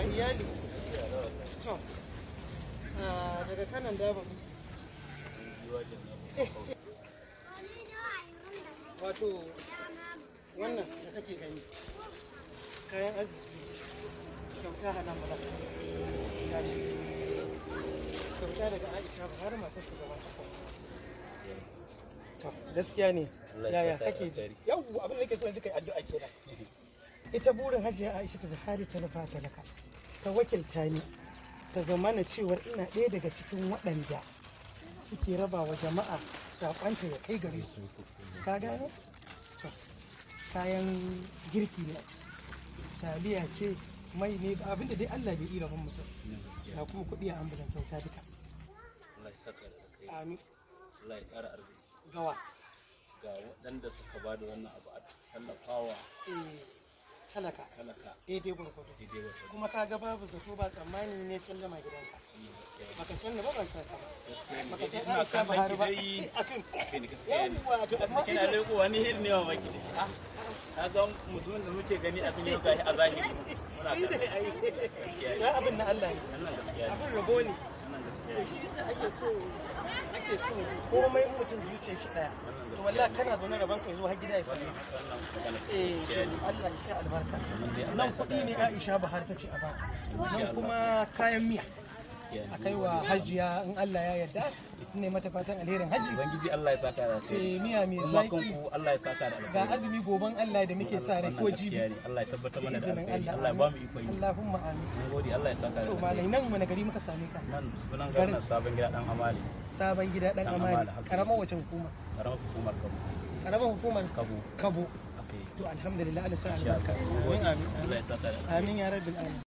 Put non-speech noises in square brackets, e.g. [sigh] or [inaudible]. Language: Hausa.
ya iyali to daga kanan daba wato wannan da kake gani kayan arziki kyauta hana kyauta daga aisha har matar kasa gaskiya ne yaya yau abin da ke so yanzu kai addu'a kenan ita burin hajiya aisha ta buhari talafa talaka ta wakilta ni ta zamana cewar ina ɗaya daga cikin waɗanda suke raba wa jama'a saƙonta ya kai gare su ka gane kayan girki ne taliya ce mai ne abinda dai allah bai iya ban mutum ya kuma kuɗi a ambulan kyauta duka amin gawa ga waɗanda suka ba da wannan abu a tallafawa eh. talaka daidai gwargwado kuma ka ga babu zato ba tsammani ne sun gama gidanka eh, baka san ni ba ban san ka baka san ka san ba har ba eh, yawwa to amma kina leko wani hir ne wa baki ah, ka ga mutumin da muke gani abin yau gashi a zahiri muna [laughs] ga abin na Allah ne abin rabo ne so ake so komai mutum zuciya shi daya to wallahi kana zaune da banka zuwa gida ya sani eh Allah ya sa albarka nan kudi ne Aisha Bahar ta ce a baka nan kuma kayan miya a kai wa hajiya in Allah ya yarda ne mata fatan alherin haji ubangiji Allah ya saka da ta eh miya miya ku Allah ya saka da alheri ga azumi goban Allah da muke sa rai ko jibi Allah ya tabbatar mana da alheri Allah ya ba mu iko yi Allahumma amin gode Allah ya saka da to malai nan wani gari muka same ka nan sunan garin sabon gida dan amali sabon gida dan amali karamar wace hukuma karamar hukumar kabo karamar hukumar kabo kabo to alhamdulillah Allah ya sa albarka amin amin ya rabbil alamin